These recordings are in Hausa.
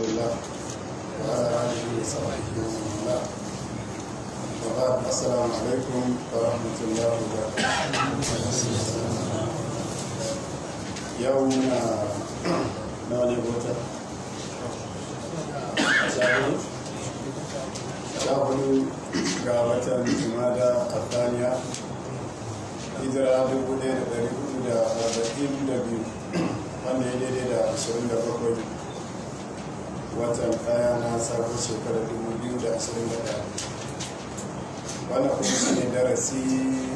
الله وعلى آله وصحبه ومن والاه وبعد السلام عليكم ورحمة الله وبركاته يومنا نولي بوتا شاهدوا غابة جمادى الثانية hijira dubu ɗaya da ɗari hudu da arba'in da biyu wanda ya daidai da ashirin da bakwai watan daya na sabon shekarar 2021 wannan kuma shi ne darasi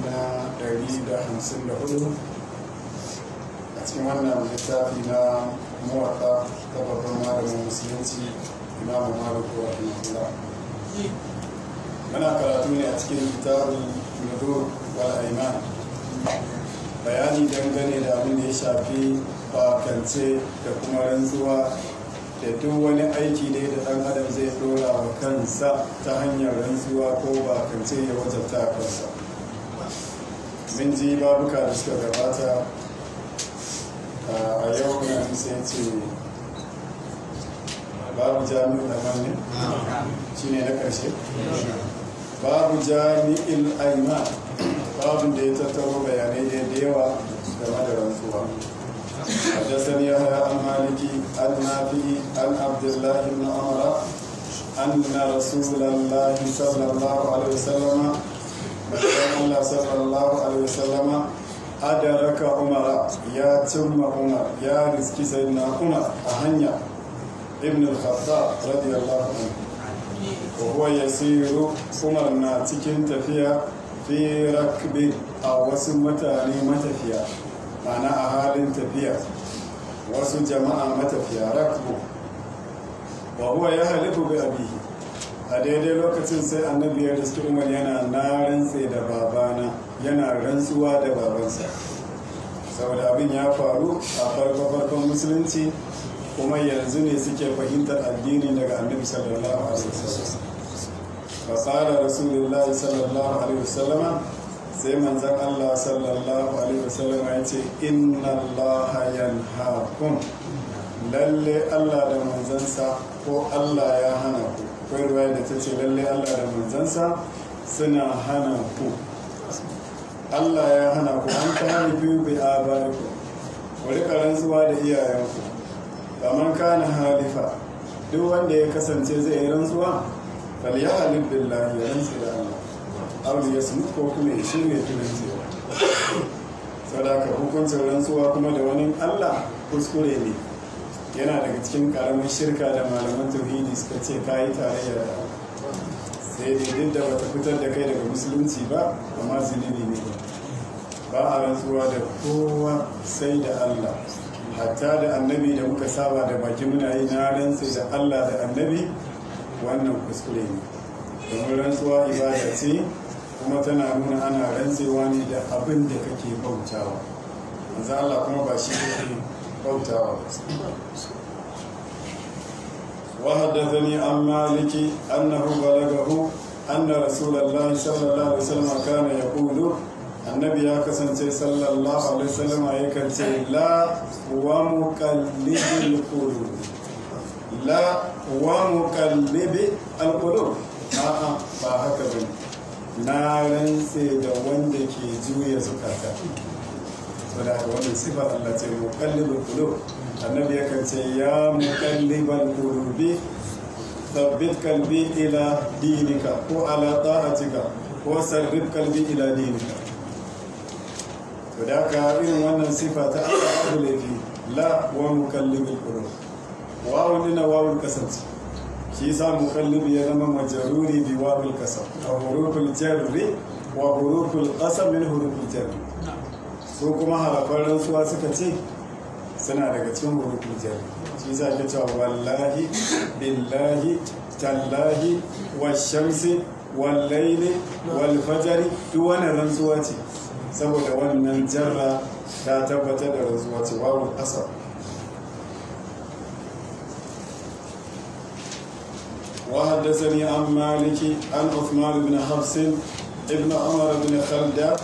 na 154 a cikin wannan littafi na muwaka ta babban malamin musulunci imamu maliku wa rahmatullah muna karatu ne a cikin littafin nudur wal aiman bayani dangane da abin da ya shafi bakance da kuma rantsuwa da duk wani aiki ne da ɗan adam zai dora wa kansa ta hanyar rantsuwa ko ba kance ya wajabta kansa Min ji babuka da suka gabata a yau na sai ce babu jami'in da manne ne na ƙarshe babu jami'in aima babu da ya tattaro bayanai da yawa game da rantsuwa حدثني يحيى عن مالك النافي عن عبد الله بن عمر ان رسول الله صلى الله عليه وسلم الله صلى الله عليه وسلم أدرك عمر يا ثم عمر يا رزق سيدنا عمر أهنيا ابن الخطاب رضي الله عنه وهو يسير عمر ناتك تفيا في ركب أو وسمتاني متفيا ma'ana a halin tafiya wasu jama'a matafiya rakbu ba huwa ya halifu ga abi a daidai lokacin sai annabi ya riski umar yana na rantse da babana yana rantsuwa da babansa saboda abin ya faru a farko farkon musulunci kuma yanzu ne suke fahimtar addini daga annabi sallallahu alaihi wasallam fasara rasulullahi sallallahu alaihi wasallama sai manzan Allah sallallahu alaihi wasallam ya ce inna Allah yanhaakum lalle Allah da manzansa ko Allah ya hana ku Akwai ruwaya da ta ce lalle Allah da manzansa suna hana ku Allah ya hana ku an ta hana biyu bi a ku. wani karan zuwa da iyayenku kamar kana halifa duk wanda ya kasance zai yi rantsuwa fal ya halib billahi ya rantsu da Allah auliya smith ko kuma ya tunan turancewa sadaka hukuncin rantsuwa kuma da wani allah kuskure ne yana daga cikin karamin shirka da malaman tauhidi suka ce ka yi tarayya da sai dai duk da bata fitar da kai daga musulunci ba amma zunubi ne ba Ba a rantsuwa da kowa sai da allah hatta da annabi da muka saba da baki muna yi na rantsu da allah da annabi wannan kuskure ne domin rantsuwa ibada ce kuma tana nuna ana rantsewa ne da abin da kake bautawa manzo Allah kuma ba shi yake bautawa wa haddathani an maliki annahu balagahu anna rasulullahi sallallahu alaihi wasallam kana yaqulu annabi ya kasance sallallahu alaihi wasallam yakan ce la wa muqallibul qulub la wa muqallibi al qulub a'a ba haka bane na rantse da wanda ke juya zukata saboda haka wannan sifa Allah ce muqallibul kulo annabi ya ce ya muqallibal qulubi thabbit kalbi ila dinika ko ala ta'atika ko sarrif kalbi ila dinika to da ka irin wannan sifa ta Allah abu laifi la wa muqallibul qulub wawun dina wawun kasance shi yasa mukallib ya zama majaruri bi wabil kasab wa huruful jarri wa huruful qasam min hurufin jarri su kuma harafan rantsuwa suka ce suna daga cikin hurufin jarri shi yasa ke cewa wallahi billahi tallahi washamsi wal walfajari duk wannan rantsuwa ce saboda wannan jarra ta tabbatar da rantsuwa ce babu asab وحدثني عن مالك عن عثمان بن حفص ابن عمر بن خلد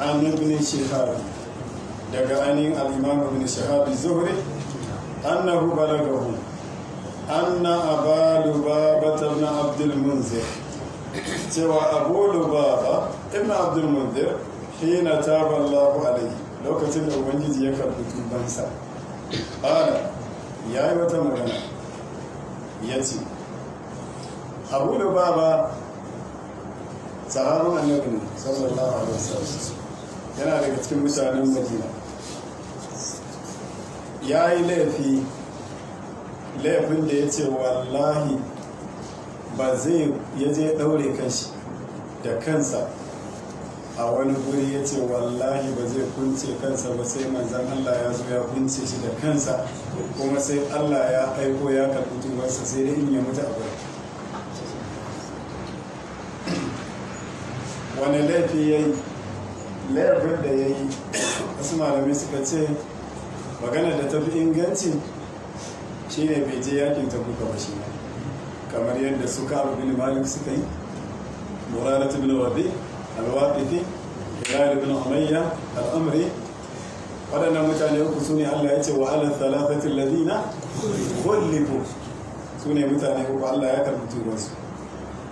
عن ابن شهاب دقاني الإمام بن شهاب الزهري أنه بلغه أن أبا لبابة بن عبد المنذر سوى أبو لبابة ابن عبد المنذر حين تاب الله عليه لو كتب أبنجي يكر بطوبانسا قال يا أيوة مغنى يتي abu da baba tsararun annabi ne sallallahu alaihi wasallam yana daga cikin mutanen madina ya yi laifi laifin da ya ce wallahi ba zai ya je ɗaure kanshi da kansa a wani guri ya ce wallahi ba zai kunce kansa ba sai manzan Allah ya zo ya kunce shi da kansa kuma sai Allah ya aiko ya karɓi tubarsa sai dai in ya mutu a gurin wani laifi ya yi laifin da ya yi wasu malami suka ce magana da ta fi inganci ne bai je yakin ta kuka ba shi kamar yadda su kawo bin malik suka yi muraratu bin wadi alwaqifi hilal bin amayya al'amri waɗannan mutane uku su ne allah ya ce wa ala thalathatin ladina kullifu su ne mutane uku allah ya karbi turansu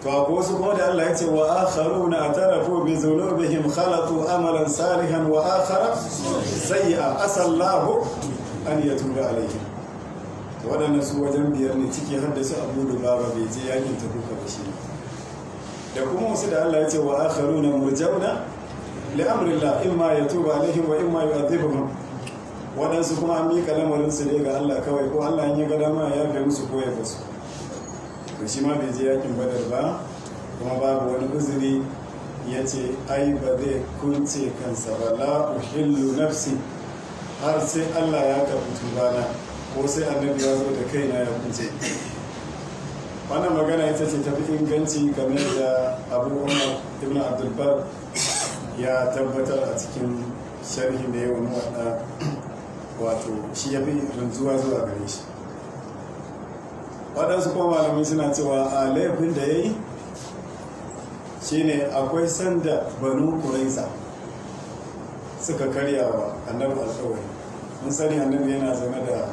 to akwai wasu kuma da Allah ya ce wa akharuna atarafu bi dhunubihim khalatu amalan salihan wa akhara a asallahu an yatuba alaihim to wadannan su wajen biyar ne ciki har da su Abu Lubaba bai je yakin ta duka da shi da kuma wasu da Allah ya ce wa akharuna murjauna li amrillah imma yatuba alaihim wa imma yu'adhibuhum wadansu kuma an mika lamarin su ne ga Allah kawai ko Allah ya gada dama ya yafe musu ko ya su. to shi ma bai je yakin badar ba kuma babu wani uzuri ya ce ai ba zai kunce kansa ba la uhillu nafsi har sai Allah ya fito bana ko sai annabi ya zo da na ya kunce wannan magana ita ce tafi inganci game da abu umar ibn abdulbar ya tabbatar a cikin sharhi da yawan wata wato shi ya fi rantsuwa zuwa gare shi waɗansu kuma malamai suna cewa a laifin da ya yi shine akwai sanda banu kuraiza suka karya wa annabi alkawari mun sani annabi yana zama da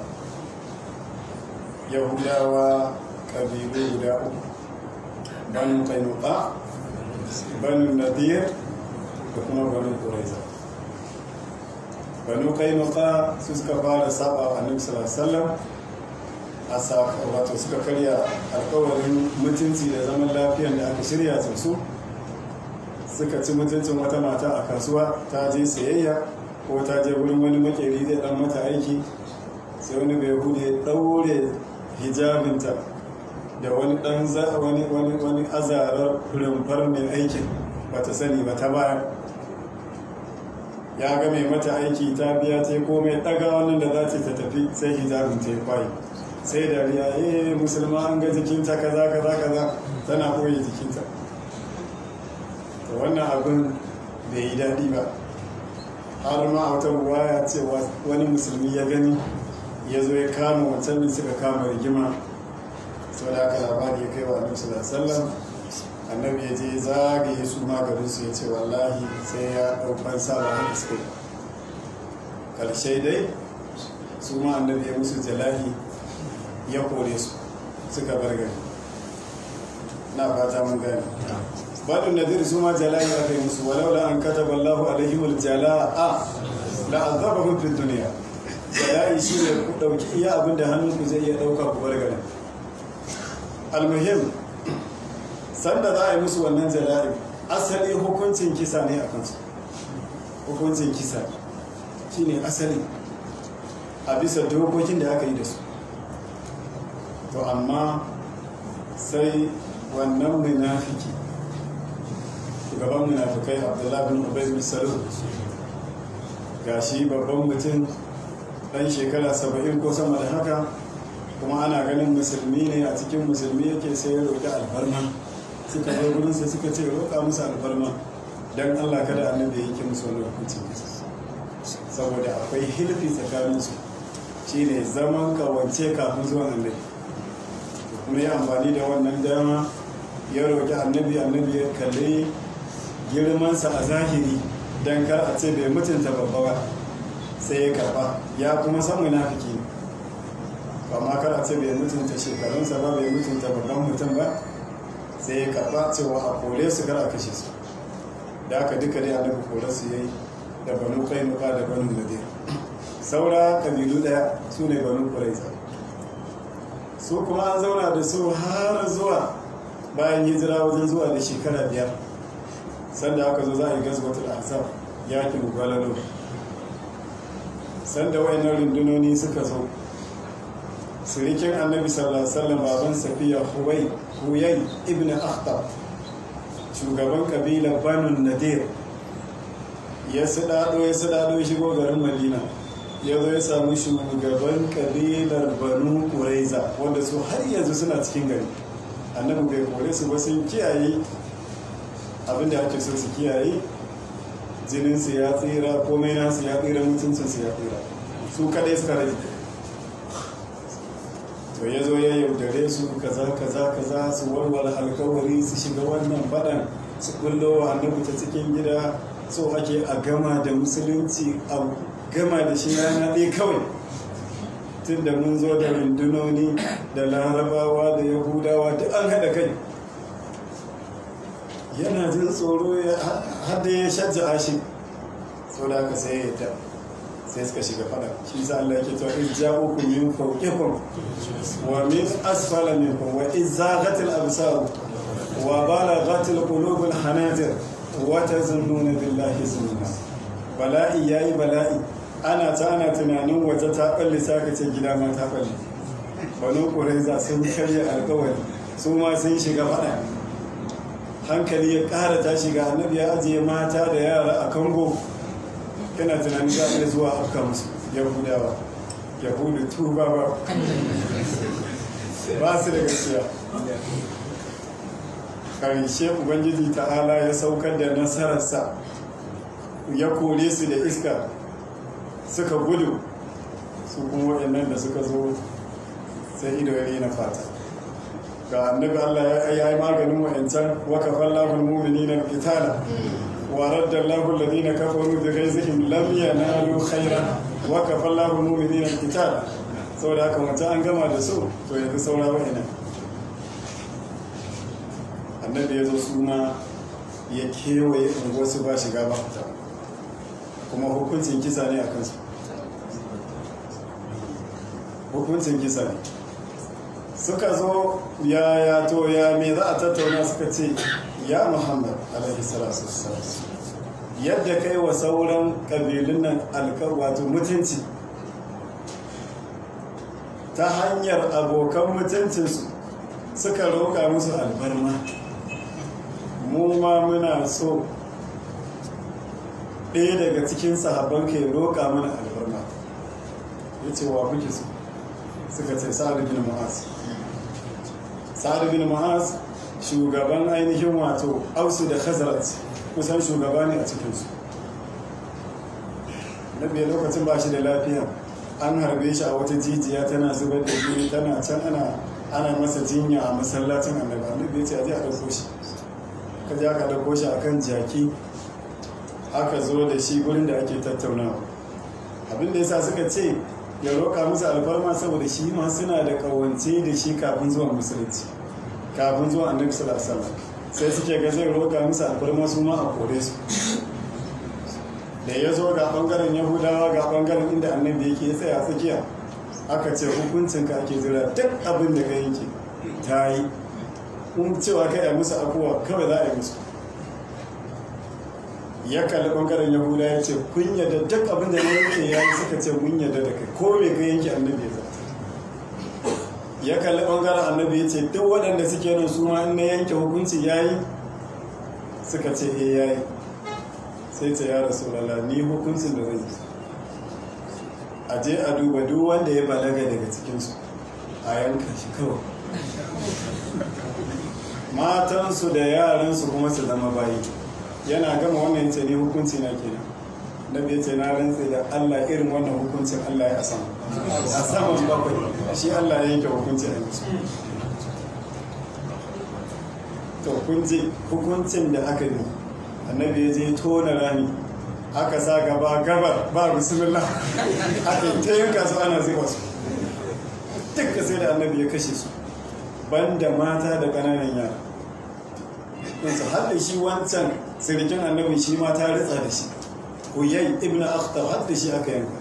yahudawa ƙabilu guda uku banu kainuka banu nadir da kuma banu kuraiza banu kainuka su suka fara saba annabi sallallahu alaihi wasallam a wato suka karya alkawarin mutunci da zaman lafiyar da aka shirya su suka ci mutuncin wata mata a kasuwa ta je sayayya ko ta je wurin wani makeri zai dan mata aiki sai wani bai hude ɗaure hijabinta da wani dan wani wani wani azarar rumfar mai aikin bata sani ba ta baya ya ga mai mata aiki ta biya ta komai ɗaga wannan da za ta tafi sai hijabin ta yi kwaye sai dariya eh musulma an ga jikinta kaza kaza kaza tana koyi jikinta to wannan abin bai yi daɗi ba har ma a wata waya ce wani musulmi ya gani ya zo ya kama wancan din suka kama rigima sau da aka labari ya kai wa annabi sallallahu alaihi wasallam annabi ya je zagaye su maganin su ya ce wallahi sai ya ɗaukan sa ba haka suka yi ƙarshe dai su ma annabi ya musu jalahi ya kore su suka bar gari na fata mun gani badu nadir su ma jala'i ya kai musu walau la an kataba Allahu alaihim a la azabahu fid dunya jala'i shi ne ku dauki iya abin da hannun ku zai iya dauka ku bar gari almuhim sanda za a yi musu wannan jala'i asali hukuncin kisa ne a kansu hukuncin kisa shine asali a bisa dokokin da aka yi da su to amma sai wannan munafiki shugaban munafikai abdullahi bin ubay bin ga shi babban mutum dan shekara saba'in ko sama da haka kuma ana ganin musulmi ne a cikin musulmi yake sai ya roƙi alfarma suka zo gurin sai suka ce roƙa musu alfarma dan Allah kada annabi yake musu wani hukunci saboda akwai hilfi tsakaninsu shine zaman kawance kafin zuwan annabi kuma yi amfani da wannan dama ya roƙi annabi annabi ya kalli girmansa a zahiri don kar a ce bai mutunta babba ba sai ya karba ya kuma san ba ma kar a ce bai mutunta shekarunsa ba bai mutunta babban mutum ba sai ya karba cewa a kore su kar a kashe su da aka duka dai annabi kore su yayi da banu kai kainuka da banu nadir saura kabilu daya su ne banu kuraiza su kuma an zauna da su har zuwa bayan hijira wajen zuwa da shekara biyar sanda aka zo za a yi gazwatul ahzab yakin gwalalo sanda wayannan rundunoni suka zo sirikin annabi sallallahu alaihi wasallam baban safiya huwai huyai ibn Akhtar, shugaban kabilar banu nadir ya sadado ya sadado shigo garin madina ya zo ya samu shugaban kabilar banu kureza wanda su har yanzu suna cikin gari annabi bai kore su ba sun kiyaye abinda ake so su kiyaye jininsu ya tsira komai nasu ya tsira mutuncin su ya tsira su kadai suka rage to ya zo ya yaudare su kaza kaza kaza su warware alkawari su shiga wannan fadan su kullo wa annabi ta cikin gida so ake a gama da musulunci abu. gama da shi rana ɗaya kawai tun da mun zo da rundunoni da larabawa da yahudawa duk an haɗa kai yana jin tsoro har da ya shajja shi sau da aka sai ya sai suka shiga fada shi sa Allah ya ke to in ja uku min fawqikum wa min asfala minkum wa in zaghat al absar wa balaghat al qulub al hanajir wa tazunnuna billahi zunna bala'i yayi bala'i ana ta ana tunanin waje ta ɓalli gidan ce gida ma ta balle banu sun karya alkawari su ma sun shiga faɗa hankali ya ƙara ta shiga annabi ya ajiye mata da yara a kango yana tunanin za a zuwa afka musu yahudawa yahudu tuba ba ba su da gaskiya ƙarshe ubangiji ta'ala ya saukar da nasararsa ya kore su da iska suka gudu su kuma waɗannan da suka zo sai ido ya na fata ga annabi Allah ya yi maganin wa'ancan wa kafan lahul na qitala wa da Allahu alladhina kafaru bi na lam yanalu khayra wa kafan lahul mu'minina qitala saboda haka wata an gama da su to yanzu saura wa'annan annabi ya zo suna ya kewaye wasu ba shiga ba fita kuma hukuncin kisa ne a kansu hukuncin kisa ne suka zo ya ya to ya me za a tattauna suka ce ya muhammad alaihi salatu yadda kai wa sauran ƙabilun nan alkar wato mutunci ta hanyar abokan mutuncinsu suka roƙa musu albarma mu ma muna so ɗaya daga cikin sahabban ka ya roƙa mana albarka ya ce wa kuke su suka ce sa'adu bin mu'az sa'adu bin mu'az shugaban ainihin wato ausu da khazarat kusan shugaba ne a cikinsu na biya lokacin ba shi da lafiya an harbe shi a wata jijiya tana zubar da jini tana can ana ana masa jinya a masallacin annabi annabi ya ce a je a dauko shi ka je aka dauko shi akan jaki aka zo da shi gurin da ake tattaunawa abin da yasa suka ce ya roƙa musu alfarma saboda shi ma suna da ƙawance da shi kafin zuwa musulunci kafin zuwa annabi sallallahu alaihi sai suke ga zai roƙa musu alfarma su ma a kore su da ya zo ga bangaren yahudawa ga bangaren inda annabi yake ya tsaya tsakiya aka ce hukuncin ka ake jira duk abin da ka yanke ta yi in cewa ka yi musu akuwa kawai za a yi musu ya kalli bangaren yahuda ya ce kun yadda duk abin da na yanke ya yi suka ce mun yadda da kai ko me ka yanke annabi ya zata ya kalli bangaren annabi ya ce duk waɗanda suke nan su ma in na yanke hukunci ya yi suka ce eh ya yi sai ce ya rasu lala ni hukuncin da zai a je a duba duk wanda ya balaga daga cikinsu a yanka shi kawai matansu da yaransu kuma su zama bayi yana gama wannan yace ne hukunci na kenan ya ce na rantse da Allah irin wannan hukuncin Allah ya asama a sama bakwai shi Allah ya yanke hukunci a yanzu to kun ji hukuncin da aka yi annabi ya je tona rami aka sa gaba gabar ba bismillah aka ta yanka su ana zuwa su duk sai da annabi ya kashe su banda mata da ƙananan yara yanzu har da shi wancan sirikin annabi shi ma ta ritsa da shi huyai ibn akhtar har da shi aka yanka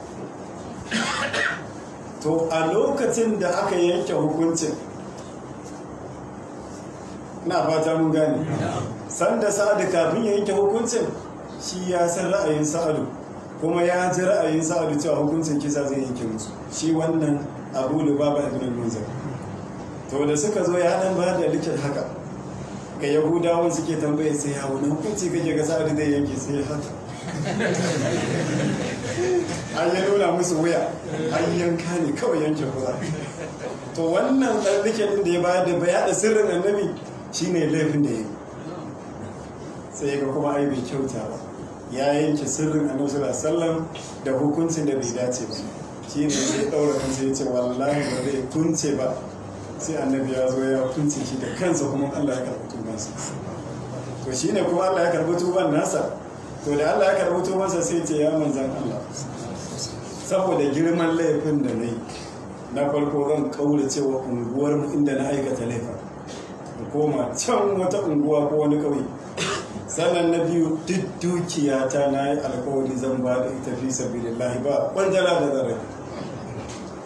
to a lokacin da aka yanke hukuncin na fata mun gane sanda sa'adu kafin ya yanke hukuncin shi ya san ra'ayin sa'adu kuma ya ji ra'ayin sa'adu cewa hukuncin kisa zai yanke musu shi wannan abu baba ibn munzir to da suka zo ya dan ba da likin haka ga yahudawan suke tambaye sai ya wani hukunci kake ga sa'adu zai yanke sai ya hata an ya nuna musu wuya an yanka ne kawai yanke kuza to wannan ɗan da ya bayar da da sirrin annabi shine laifin da ya yi sai ga kuma ai bai kyauta ba ya yanke sirrin annabi sallallahu alaihi da hukuncin da bai dace ba shine sai ɗaura kansa ya ce wallahi ba zai kunce ba sai annabi ya zo ya hukunce shi da kansa kuma Allah ya karɓi tubansa to shine kuma Allah ya karɓi tuban nasa to da Allah ya karɓi tubansa sai ce ya manzan Allah saboda girman laifin da yi na farko zan kaura cewa unguwar inda na aikata laifin da koma can wata unguwa ko wani kauye sannan na biyu duk dukiyata na yi alkawari zan ba da ita fi sabilillahi ba kwanjala da zarafi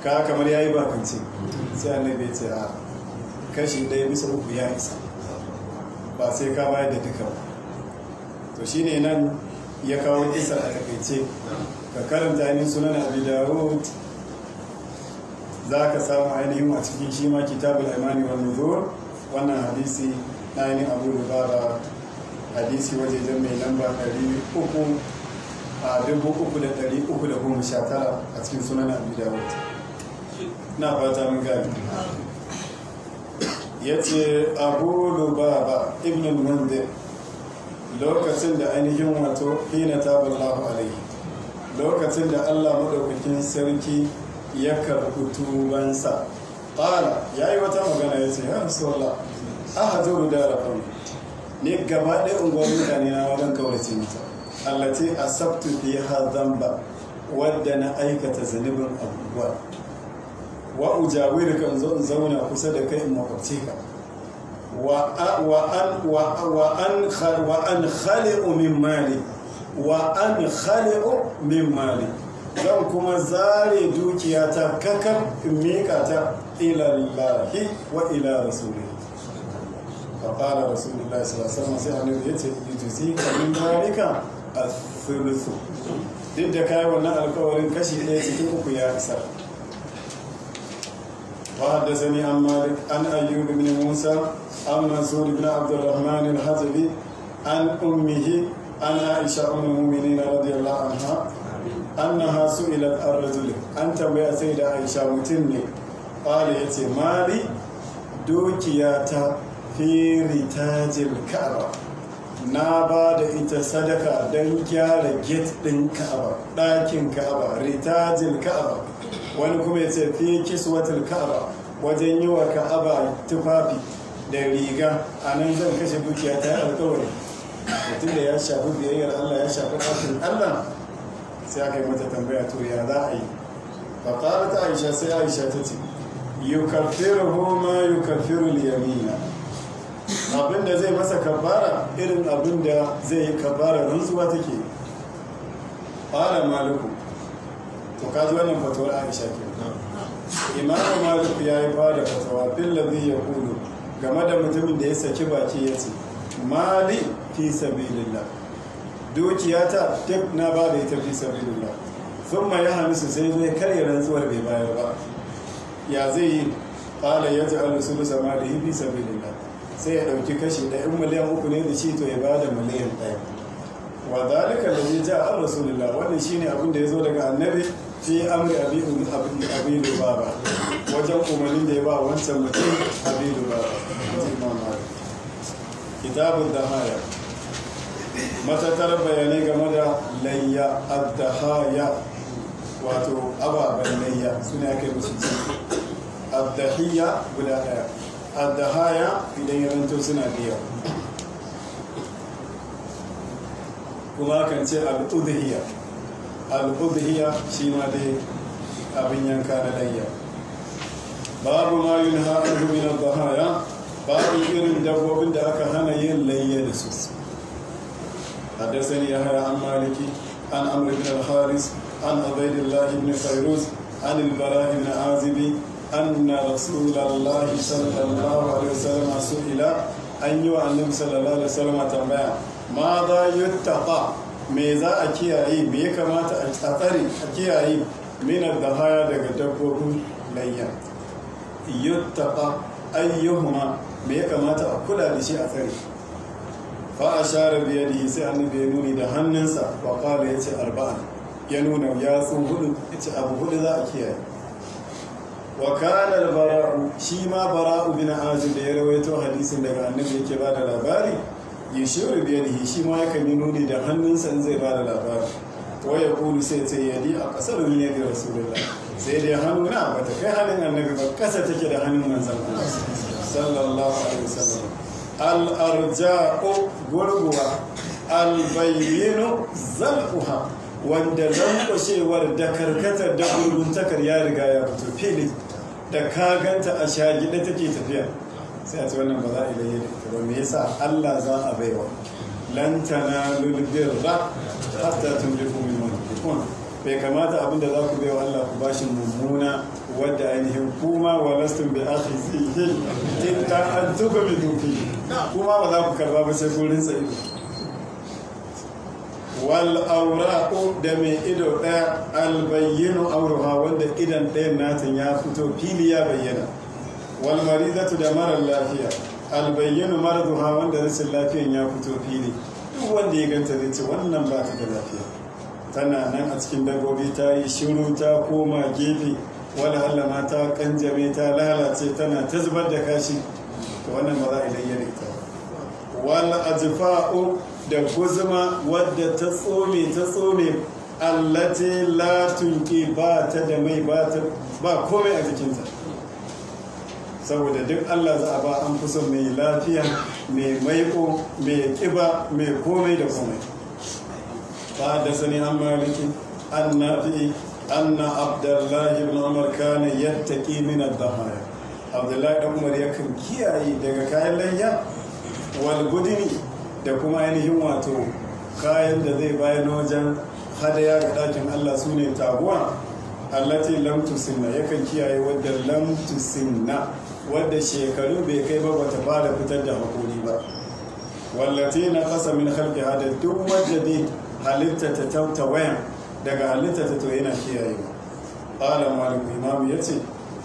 ka kamar ya yi bakance sai annabi ya ce a ah, kashi ɗaya bisa uku ya isa ba sai ka bayar da duka ba to shine nan ya kawo isar a takaice ka karanta yin sunan abi za ka samu ainihin a cikin shi ma kitabul imani wani nuzur wannan hadisi na ainihin abu rubara hadisi wajejen mai lamba ɗari uku a dubu uku da ɗari uku da goma sha tara a cikin sunan da dawud na fata mun gani ya ce abu lubaba ibn mundir lokacin da ainihin wato hina taballahu alaihi lokacin da allah maɗaukakin sarki ya karɓi tubansa ƙara ya yi wata magana ya ce ya a aha guda da rafin ni gaba ɗaya unguwar mutane na wajen Allah ce a sabtu fi ha zamba. wadda na aikata zanibin abubuwa wa ujawiru kan zo in zauna kusa da kai in makwabce ka wa an wa an min mali wa an khali'u min mali zan kuma zare dukiyata kakar in miƙa ta ila lillahi wa ila rasuli فقال رسول الله صلى الله عليه وسلم sai in yace yutusi min dalika a thuluth duk da kai wannan alƙawarin kashi daya cikin uku ya isa. وحدثني عن مالك عن أيوب بن موسى عن منصور بن عبد الرحمن الحزبي عن أمه عن عائشة أم المؤمنين رضي الله عنها أنها سئلت الرجل أنت ويا سيدة عائشة متني قال يتي مالي دوكياتا في رتاج الكعبة na ba da ita sadaka don gyara gate ɗin ka'aba ɗakin ka'aba ritajin ka'aba wani kuma ya ce kisu kiswatul ka'aba wajen yi wa ka'aba tufafi da riga a nan zan kashe dukiya ta alkawari mutum da ya shafi biyayyar allah ya shafi ɗakin allah sai aka yi mata tambaya to ya za a yi faƙara ta aisha sai aisha ta ce yukaffiruhu ma yukaffiru yamina abin da zai masa kabara irin abin da zai yi kabara rantsuwa take ƙara maluku to ka ji wannan fatawar aisha ke imamu malik ya yi ba da fatawa billabi ya kulu game da mutumin da ya saki baki ya ce mali fi sabilillah dukiyata duk na ba da ita fi sabilillah sun ma ya hamisu sai zai karya rantsuwar bai bayar ba ya zai yi ƙala ya ji alu su bisa mali fi sai ya ɗauki kashi ɗaya in miliyan uku ne da shi to ya bada miliyan ɗaya wa zalika da ya ji a rasulullah wannan shine abin da ya zo daga annabi fi amri abin abin baba wajen umarnin da ya ba wancan mutum abin baba kitabun haya. matatar bayanai game da layya haya wato ababen layya suna ya kai musu ci addahiyya guda daya haya idan ya ranto suna biya kuma kan ce al'udhiyya الأضحية سيما دي أبن ينكار ليا باب ما ينهى عنه من الضحايا باب إرن دبو بند أكهانا يلي ينسوس حدثني يحيى عن مالك عن عمرو بن الحارث عن عبيد الله بن فيروز عن البراء بن عازب أن رسول الله صلى الله عليه وسلم سئل أن يعلم صلى الله عليه وسلم تنبيه ماذا يتقى me za a kiyaye me ya kamata a tsare a kiyaye minar da haya daga dabbobin layya yuttaqa ayyuhuma me ya kamata a kula da shi a tsare fa ashara bi yadihi sai annabi ya nuni da hannunsa wa qala yace arba'an ya nuna yatsu hudu yace abu hudu za a kiyaye wa kana al-bara'u shi ma bara'u bin azib da ya rawaito hadisin daga annabi yake ba da labari biyar yi shi ma yakan yi nuni da hannunsa in zai bada labari wa ya kulu sai ce yadi a kasar ne da rasulullah sai dai hannuna ba ta kai hannun annabi ba kasa take da hannun manzon Allah sallallahu alaihi wasallam al arja'u gurguwa al bayyinu zalquha wanda zankwashewar da karkatar da gurguntakar ya riga ya fito fili da ka ganta a shagida take tafiya sai a ce wannan ba za a yi bayyana ita ba me yasa Allah za a baiwa lan tanalul birra hatta tunfiqu mimma tuhibbun bai kamata abin da za ku baiwa Allah ku bashi mummuna wadda ainihin kuma wa lastum bi akhizihi in ta an tuba bi dufi kuma ba za ku karba ba sai gurin sa ido wal awraqu da mai ido daya al bayyinu awruha wanda idan ɗayan natin ya fito fili ya bayyana wal maridatu da marar lafiya albayyinu maraduha wanda rashin lafiyan ya fito fili duk wanda ya ganta zai ce wannan ba ta da lafiya tana nan a cikin dabbobi ta yi shiru ta koma gefe wala hallama ta kanjame ta lalace tana ta zubar da kashi to wannan ba za a ilayya da ita wal ajfa'u da guzuma wadda ta tsome ta tsome allati la ba ta da mai ba komai a jikinta saboda duk Allah za a ba an fi son mai lafiya mai maiko mai kiba mai komai da komai Ba da sani an maliki an nafi na abdullahi ibn umar kana yattaqi min ad abdullahi ibn umar yakan kiyaye daga kayan lanya wal da kuma ainihin wato kayan da zai bayar wajen hadaya ga dakin Allah sune taguwa allati lam tusinna yakan kiyaye wadda lam tusinna wadda shekaru bai kai ba bata fara fitar da hakuri ba Wallace na kasa min halkiha hada duk wadda dai halitta ta wayan daga halitta ta to yana kiyayewa qala imamu ya ce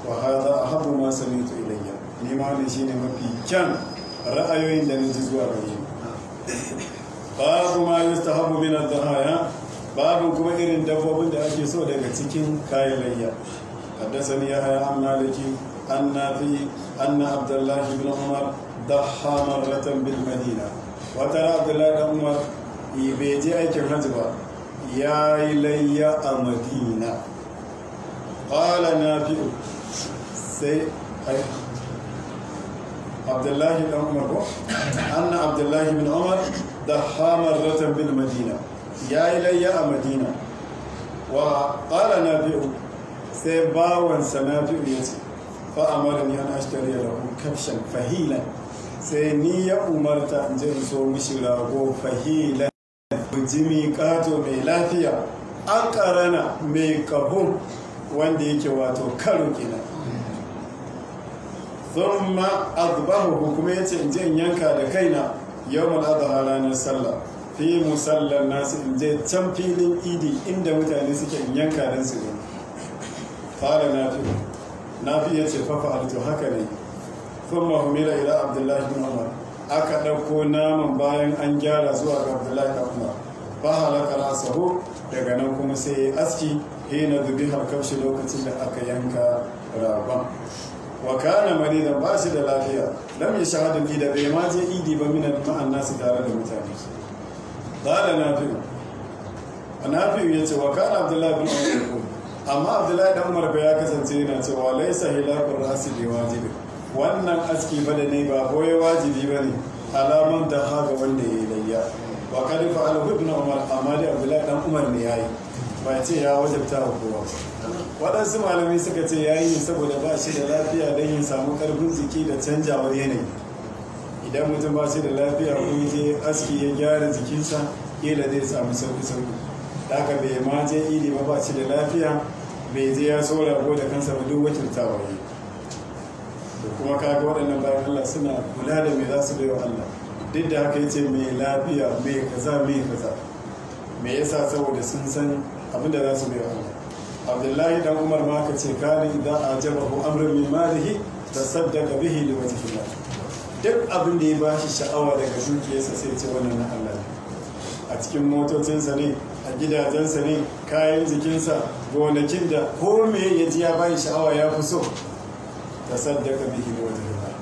wa a ahabbu ma sami'tu ilayya ni ma ne shine mafi kyan ra'ayoyin da ni ji zuwa gare ni babu ma yustahabu min ad-dhahaya babu kuma irin dabbobin da ake so daga cikin kayan layya haya يحيى da ke عن نافع أن عبد الله بن عمر ضحى مرة بالمدينة وترى عبد الله بن عمر يبيجي أي كم يا إلي مدينة قال نافع سي أي عبد الله بن عمر أن عبد الله بن عمر ضحى مرة بالمدينة يا إلي مدينة وقال نافع سي باوان سنافع يتي fa'amarni an ashtari lahu kabshan fahilan sai ni ya umarta in ji so mishi rago fahilan jimi kato mai lafiya an karana mai kabun wanda yake wato karo kenan thumma azbahu kuma yace in je in yanka da kaina yawmul adha ranar sallah fi musallan nasu in je can filin idi inda mutane suke yanka dan su ne fara na nafi ya ce fafa alto haka ne sun mahumila ila abdullahi bin umar aka ɗauko naman bayan an gyara zuwa ga abdullahi bin umar ba halaka rasahu daga nan kuma sai ya aski hina dubi harkar shi lokacin da aka yanka ragon wa kana maridan ba shi da lafiya lam ya shahadun da bai ma je idi ba minan ma'an nasu tare da mutane ba qala nafi nafi ya ce wa kana abdullahi bin umar amma abdullahi dan umar ya kasance yana cewa laisa hilakun rasi ne wajibi wannan aski ba ne ba boye wajibi ba ne alamun da haga wanda ya yi layya wa kalifa na umar amma da abdullahi dan umar ne ya yi ba ce ya wajabta wa kowa waɗansu malamai suka ce ya yi saboda ba shi da lafiya don yin samu karfin jiki da canjawar yanayi idan mutum ba shi da lafiya ko je aski ya gyara jikinsa kila zai samu sauƙi sauƙi da aka bai ma je iri ba ba shi da lafiya Mai zai ya so ko da kansa ba duk wacce ta waye da kuma kaga waɗannan bayan Allah suna kula da me za su bai wa Allah duk da haka yace mai lafiya mai kaza mai kaza me yasa saboda sun san abin da za su bai wa Allah Abdullahi dan Umar ma ka ce kare idan ajabahu amrun min malihi tasaddaqa bihi liwajhillah duk abin da ya bashi sha'awa daga zuciyarsa sai ce wannan na Allah a cikin motocinsa ne gidajensa ne kayan jikinsa gonakin da ko me ya ji ya bayi sha'awa ya fi so ta saddaka bihi wata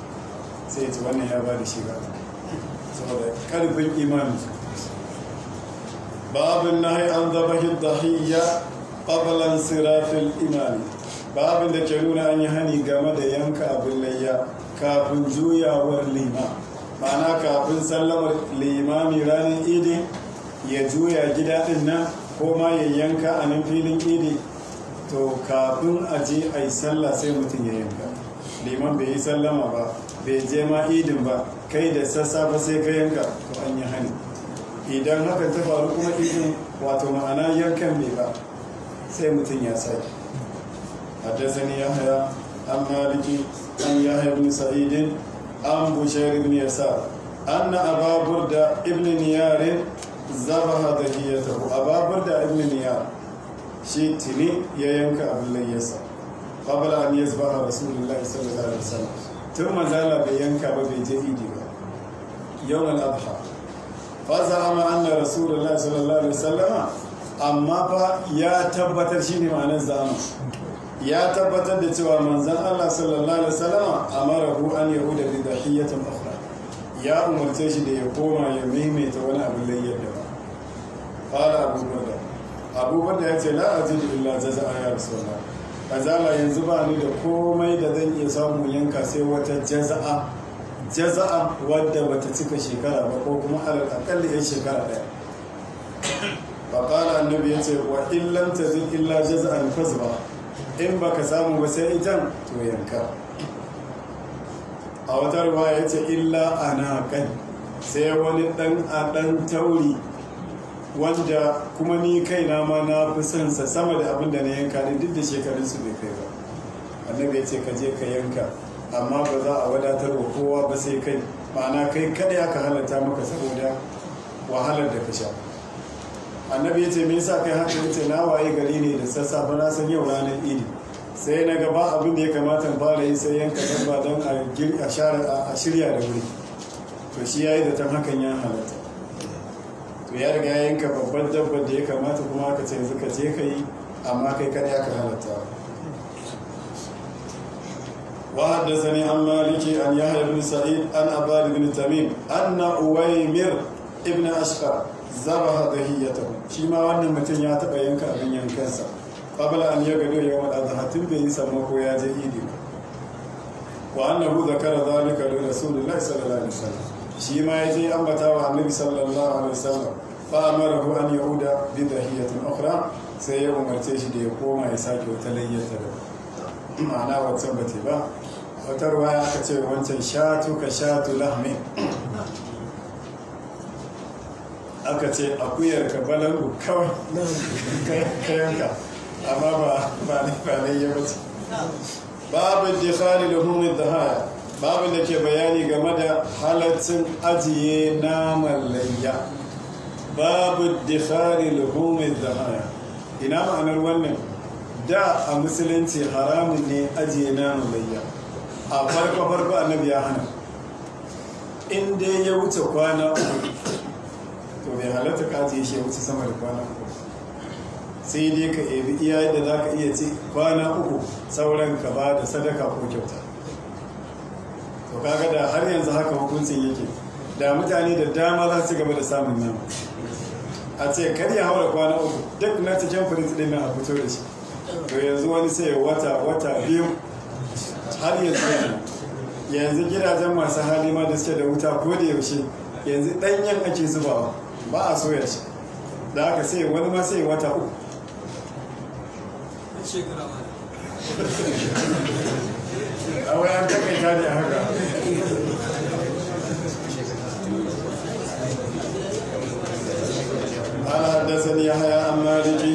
sai wannan ya bada shiga saboda karfin imani babin hai an zabahin dahiyya ƙabalan sirafin imani babin da ke nuna an yi hani game da yanka abin layya kafin juyawar lima ma'ana kafin sallamar limami ranar idin ya juya gida din nan ko ma ya yanka a nan filin idi to kafin a je a yi sallah sai mutum ya yanka liman bai yi sallama ba bai je ma idin ba kai da sassafe sai ka yanka to an yi hani idan haka ta faru kuma idin wato ma'ana yankan ne ba sai mutum ya ya haya an maliki an ya haya bin sa'idin an bushe ribin ya sa an na ababur da ibnin نيار zabaha A ababar da ibn niyar shi Tini ya yanka abin layyasa qabla an yazbaha rasulullah sallallahu alaihi wasallam tun manzala bai yanka ba bai je idi ba yawm al-adha fa za'ama anna rasulullah sallallahu alaihi wasallam amma fa ya tabbatar shi shine ma'anar za'ama ya tabbatar da cewa manzan Allah sallallahu alaihi wasallam amara hu an yahuda bi dahiyatin ukhra ya umarce shi da ya koma ya maimaita wani abin layyar da fara abubuwan da abubuwan da ya ce la aji da illa zaza a ya rasuwa kazala yanzu ba ni da komai da zan iya samu yanka sai wata jaza'a jaza'a wadda bata cika shekara ba ko kuma alal akalli yan shekara daya faƙala annabi ya ce wa illam tazid illa jaza'an fasba in baka samu ba sai idan to yanka a wata ruwa ya ce illa ana kai sai wani dan a dan tauri wanda kuma ni kai na ma na fi son sa sama da abin da na yanka ne duk da shekarun su bai kai ba annabi ya ce ka je ka yanka amma ba za a wadatar wa kowa ba sai kai ma'ana kai kada aka halatta maka saboda wahalar da ka sha annabi ya ce me yasa kai haka ce na waye gari ne da sassafe na san yau ranar idi sai na gaba abin da ya kamata fara yi sai yanka dabba don a shirya da wuri to shi ya yi da tan hakan ya halatta to ya riga yanka babban dabba da ya kamata kuma aka ce yanzu ka je ka yi amma kai kada ya ka halatta وحدثني عن مالك عن يحيى بن سعيد عن عباد بن تميم أن ya ابن أشقر ذبح ضحيته شيما وأن متن يتبين كأبن ينكسر qabla an gado ya al-adha tun bai yi sama ko ya je idi wa za annahu zakara da li da sallallahu alaihi wasallam shi ma ya je ambata wa annabi sallallahu alaihi wasallam fa amarahu an yauda bi dahiyatin ukhra sai ya umarce shi da ya koma ya sake wata layyata da ma'ana wancan ba bace ba wata ruwaya aka ce wancan shatu ka shatu lahmi aka ce akuyar ka balangu kawai ka yanka amma ba ba ba ne ya mutu babu dikhari da hunin dahaya babin da ke bayani game da halaccin ajiye naman layya babu dikhari luhumin dahaya ina ma'anar wannan da a musulunci haramun ne ajiye naman layya a farko farko annabi ya hana in dai ya wuce kwana uku to bai halatta ka ajiye ya wuce sama da kwana uku sai dai ka ebi iya da za ka iya ci kwana uku sauran ka ba da sadaka ko kyauta to kaga da har yanzu haka hukuncin yake da mutane da dama za su gaba da samun nama a ce kar ya haura kwana uku duk na cikin firinti ɗin a fito da shi to yanzu wani sai wata wata biyu har yanzu yanzu gidajen masu hali ma da suke da wuta ko da yaushe yanzu ɗanyen ake zubawa ba a soya shi da haka sai wani ma sai wata uku shekara ba a wai an takaita da haka قال حدثني يحيى عن مالك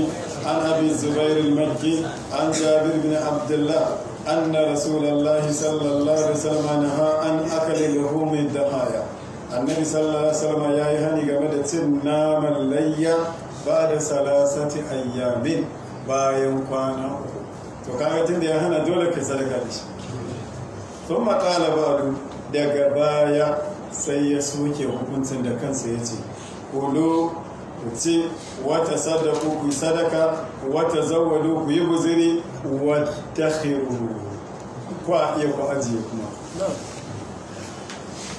عن ابي الزبير المكي عن جابر بن عبد الله ان رسول الله صلى الله عليه وسلم نهى عن اكل لحوم الضحايا النبي صلى الله عليه وسلم يا يهني game da cin naman layya ba da salasati ayyamin bayan kwana to kaga da ya hana dole ka sadaka da shi sun maƙala ba daga baya sai ya soke hukuncin da kansa ya ce kolo ku ce wata sadaku ku yi sadaka wata zawalu ku yi guziri wata khiru kwa iya ku ajiye kuma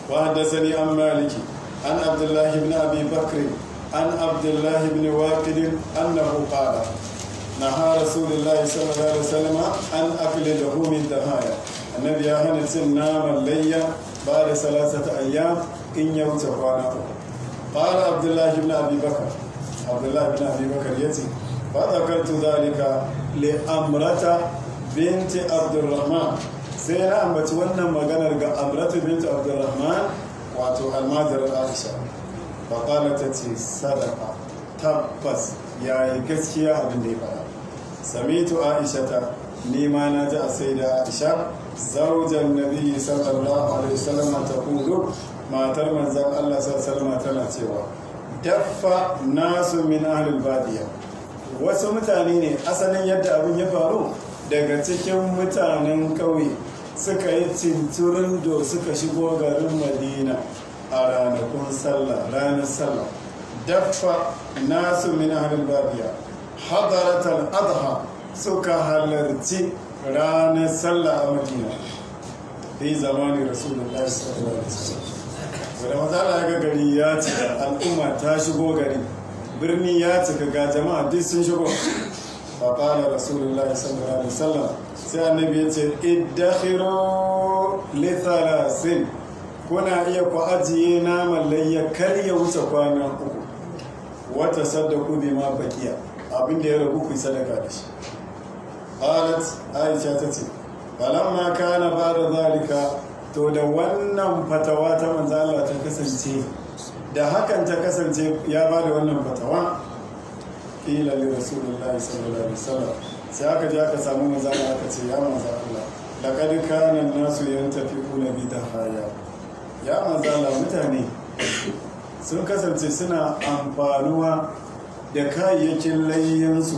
Wa haddasa ni an maliki. An Abdullahi ابي بكر Bakri. An Abdullahi بن واقد انه قال naha rasulullahi sallallahu alaihi wasallam an akli da min haya. annabi ya hana cin naman layya ba da salasata ayyam in ya wuce kwana uku qala abdullahi ibn abi bakr abdullahi ibn abi bakr yace fa zakartu zalika li amrata binti abdurrahman sai na ambaci wannan maganar ga Amrata binti abdurrahman wato almajirar aisha fa qala ta sadaka tabbas yayi gaskiya abin da samitu aishata ni ma na ji a sai da aisha zaujan nabi sallallahu alaihi wasallam ta kudu matar manzan allah sallallahu tana cewa dafa nasu min ahlul badiya wasu mutane ne asalin yadda abin ya faru daga cikin mutanen ƙauye suka yi cinturin do suka shigo garin madina a ranakun sallah ranar sallah dafa nasu min ahlul badiya hadaratul adha suka halarci ranar sallah a madina da yi zamanin rasulullah sallallahu alaihi Wani wanda matsala ga gari ya cika al'umma ta shigo gari birni ya cika ga jama'a duk sun shigo fa qala rasulullah sallallahu alaihi sallah sai annabi ya ce iddakhiru li thalathin kuna iya ku ajiye naman layya kar ya wuce kwana uku wata saddaku bi ma bakiya abin da ya ragu ku sadaka da shi qalat aisha ta ce falamma kana ba'da zalika to da wannan fatawa ta manzo Allah ta kasance da hakan ta kasance ya ba da wannan fatawa ƙila li rasulullahi sallallahu alaihi wasallam sai aka je aka samu manzo Allah aka ce ya manzo Allah laqad kana an-nasu yantafiquna bi dahaya ya manzo Allah mutane sun kasance suna amfanuwa da kayayyakin layyansu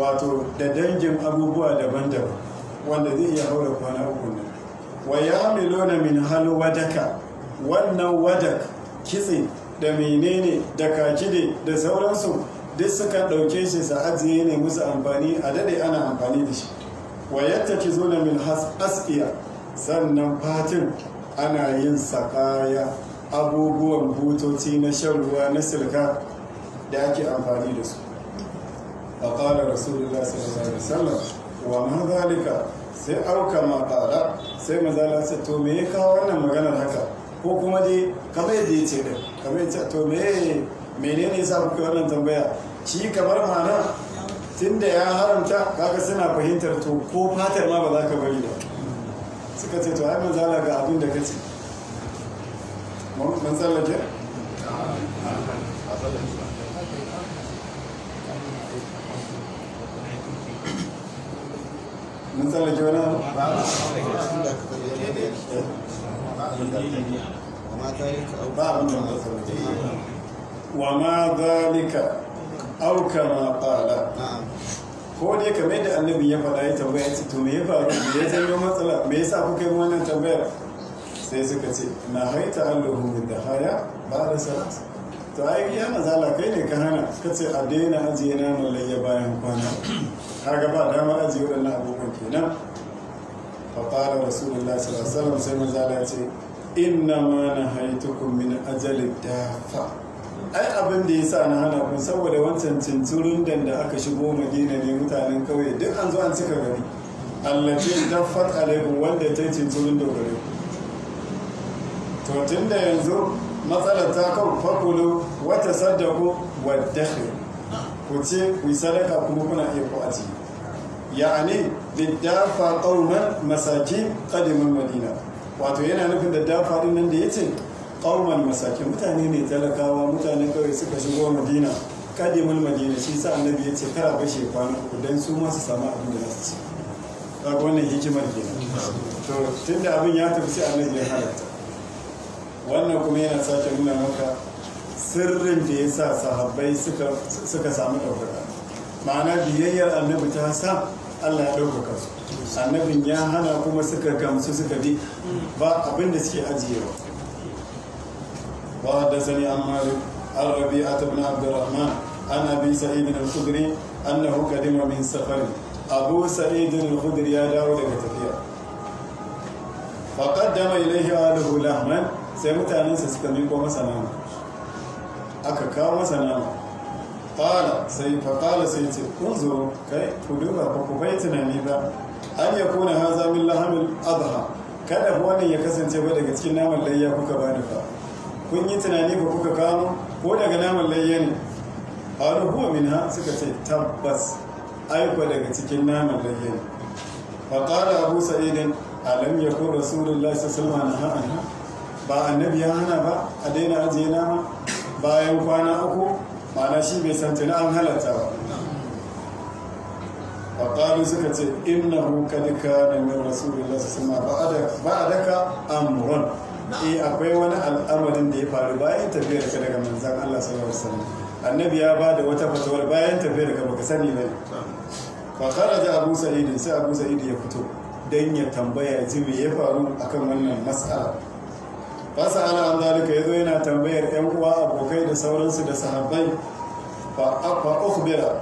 wato da dangin abubuwa daban-daban wanda zai iya haura kwana uku ne wa ya milona min halu wadaka wannan wadak kitse da menene da kakide da sauransu duk suka ɗauke shi su ajiye ne musu amfani a daɗe ana amfani da shi wa yadda ki zo na min asiya sannan fatin ana yin sakaya abubuwan butoci na shan ruwa na silka da ake amfani da su a ƙara rasulullah sallallahu alaihi wasallam wa ma zalika sai auka ma ƙara sai mazala sa to me ya kawo wannan maganar haka ko kuma dai kamar yadda ya ce da kamar yadda to me menene yasa kuke wannan tambaya shi kamar ma'ana tunda ya haramta kaga suna fahimtar to ko fatar ma ba za ka bari ba suka ce to ai manzala ga abin da kace manzala ke? a mun tsallake wani abu wa ma zalika ko dai kamar da annabi ya faɗa ya tambaya ya ce to me ya faru me ya janyo matsala me yasa kuka yi wannan tambayar sai suka ce na haita allahu min da haya ba da salat to ai ya mazala kai ne ka hana ka ce a daina ajiye naman layya bayan kwana kaga ga ba dama ajiye waɗannan abubuwan kenan fa fara rasulullah sallallahu alaihi wasallam sai manzo ya ce inna ma nahaitukum min ajali dafa ai abin da yasa na hana ku. saboda wancan cincirin da aka shigo madina ne mutanen kauye duk an zo an cika gari allati daffat alaikum wanda ta yi da gari. to tun yanzu matsalar ta kawo fakulu wata saddaku wa dakhil kuce ku yi sadaka kuma kuna iya ku aji da dafa ƙaunar masaki ƙadimin madina wato yana nufin da dafa ɗin nan da ya ce ƙaunar masaki mutane ne talakawa mutane kawai suka shigo madina ƙadimin madina shi sa annabi yace kara shi kwana ku dan su ma su samu abin da za su ci kaga wannan hikimar kenan to tunda abin ya tafi sai annabi ya halarta wannan kuma yana sake nuna maka sirrin da ya sa sahabbai suka samu ɗaukaka ma'ana biyayyar annabi ta sa allah ya ɗaukaka su annabin ya hana kuma suka gamsu suka bi ba abin da suke ajiyewa wa da sani an mari arabi a tabbin abdurrahman an abi sa'idin al na annahu kadima min safari abu sa'idin al kuduri ya dawo daga tafiya faqaddama ilayhi aluhu lahman sai mutanensa suka miko masa nama aka kawo masa nama ƙala sai faƙala sai ce kun zo kai ku duba ba ku bai tunani ba an ya kuna haza min lahamin adha kada wani ya kasance ba daga cikin naman layya kuka ba da ba kun yi tunani ba kuka kano ko daga naman layya ne ƙalu huwa min ha suka ce tabbas aiko daga cikin naman layya ne faƙala abu sa'idin alam ya ko rasulullahi sallallahu alaihi wasallam ba annabi ya hana ba a daina ajiye nama bayan kwana uku ma'ana shi bai san tuni an halatta ba faƙalu suka ce innahu duka da min rasulullah sama ba a daka amuran eh akwai wani al'amarin da ya faru bayan tafiyar ka daga manzan Allah sallallahu alaihi wasallam annabi ya ba da wata fatawar bayan tafiyar ka baka sani ba fa da abu sa'idin sai abu sa'idin ya fito don ya tambaya ji ya faru akan wannan mas'ala fasa ala an zalika yazo yana tambayar yan uwa abokai da sauransu da sahabbai fa ukhbira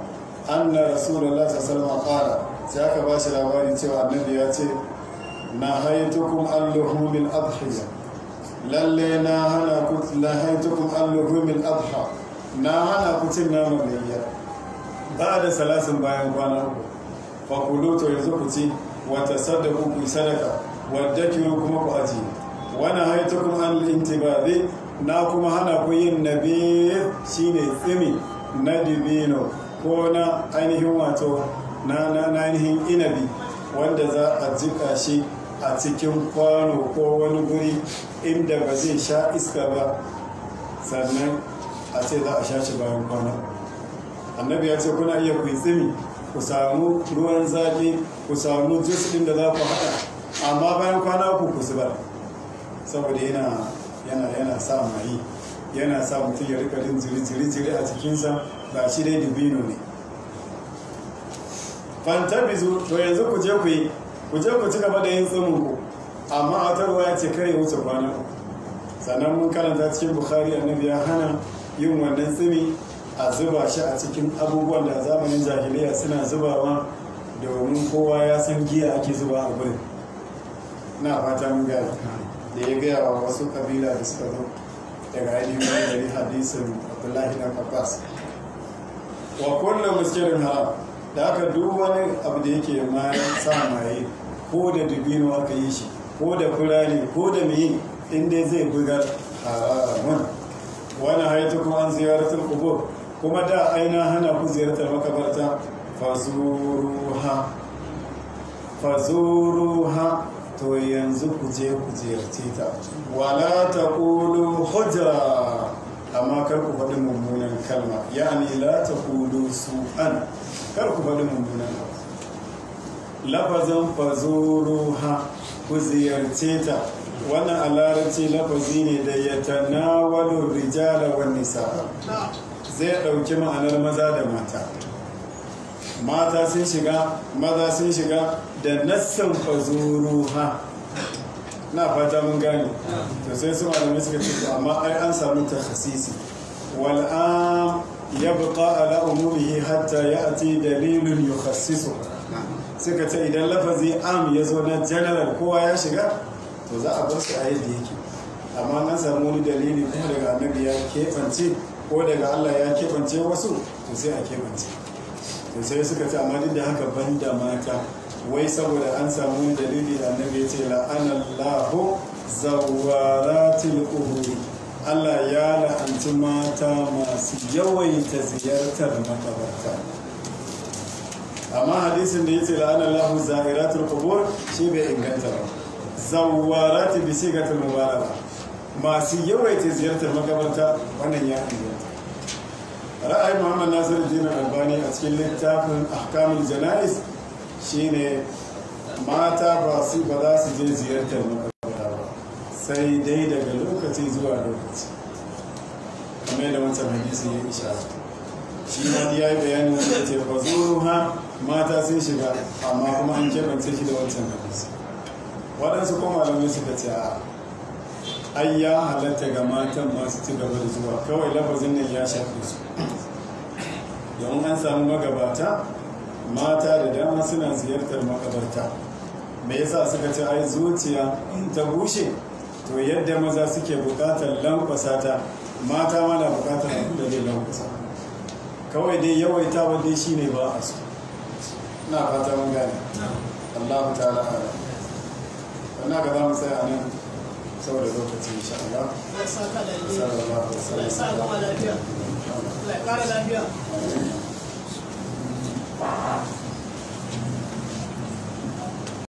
anna rasulullah sallallahu alaihi sai aka ba shi labarin cewa annabi ya ce na haitukum alluhumil adhiya lalle na hana ku na haitukum alluhumil adha na hana ku cin naman layya ba da salasin bayan kwana uku fa kulu to yanzu ku ci wata sadaku ku sadaka wadda kuma ku ajiye wani ba zai na kuma hana ku yin nabi shine tsimi na divino ko na ainihin wato na ainihin inabi wanda za a jika shi a cikin kwano ko wani guri inda ba zai sha iska ba sannan a ce za a sha shi bayan kwana annabi ya ce kuna iya kuyi tsimi ku samu ruwan zafi ku samu jus ɗin da za ku haɗa amma bayan kwana ku ku zubar saboda yana sa mai yana sa mutum ya rika jin jiri jiri a cikinsa ba shi dai dubino ne fantabizu to yanzu ku je ku yi ku je ku ci gaba da yin tsumin ku amma a tarwa ya ce kare wuce kwana sannan mun karanta cikin bukhari annabi ya hana yin wannan tsumi a zuba shi a cikin abubuwan da zamanin jahiliya suna zubawa domin kowa ya san giya ake zuba a gurin na fata mun gane da ya gaya wa wasu kabila da suka zo daga ainihin gari hadisin abdullahi na abbas wa kullum muskirin haram da aka duk wani abu da yake mayan sa maye ko da dubino aka yi shi ko da fulani ko da mai inda zai bugar haramun wani haiti kuma an ziyartar kubo kuma da aina hana ku ziyartar makabarta fazuruha fazuruha to yanzu ku je ku ziyarce ta wala ta kulu hujja amma kar ku faɗi mummunan kalma yani la ta kulu su'an kar ku faɗi mummunan lafazan ha ku ziyarce ta wannan a larabci lafazi ne da ya tanawalu rijala wa nisa zai ɗauki ma'anar maza da mata mata sun shiga maza sun shiga da nassan fazuruha na fata mun gane to sai su malamai suka ce amma ai an samu takhasisi wal am yabqa ala umumihi hatta ya'ti dalilun yukhassisu suka ce idan lafazi am ya zo na general kowa ya shiga to za a bar su a yadda yake amma an samu wani dalili kuma daga annabi ya keɓance ko daga Allah ya keɓance wasu to sai a keɓance da sai suka ce amma duk da haka ban da mata wai saboda an samu dalili da annabi ya ce lahu zawaratil qubur Allah ya la'anci mata masu yawaita ziyartar makabarta amma hadisin da ya ce lahu za'iratul qubur shi bai inganta ba zawarati bi sigatul mubaraka masu yawaita ziyartar makabarta wannan ya inganta ra'ayin muhammad nasiru jinan albani a cikin littafin ahkamul jana'is shine mata ba su ba za su je ziyartar makarata ba sai dai daga lokaci zuwa lokaci kamar yadda wancan hadisi ya isha shi na ya yi bayanin wanda ce ba ha mata sun shiga amma kuma an keɓance shi da wancan hadisi waɗansu kuma malamai suka ce a ai ya halatta ga matan masu ci gaba da zuwa kawai lafazin nan ya shafe su don an samu magabata mata da dama suna ziyartar makabarta me yasa suka ce ai zuciya in ta bushe to yadda maza suke bukatar lankwasa ta mata ma na bukatar da zai lankwasa kawai dai yawaita wanda shi ne ba a su ina fata mun gane Allah ta'ala ala wannan ga za mu tsaya nan saboda lokaci insha Allah sallallahu alaihi wasallam Allah ya lafiya Allah ya kara lafiya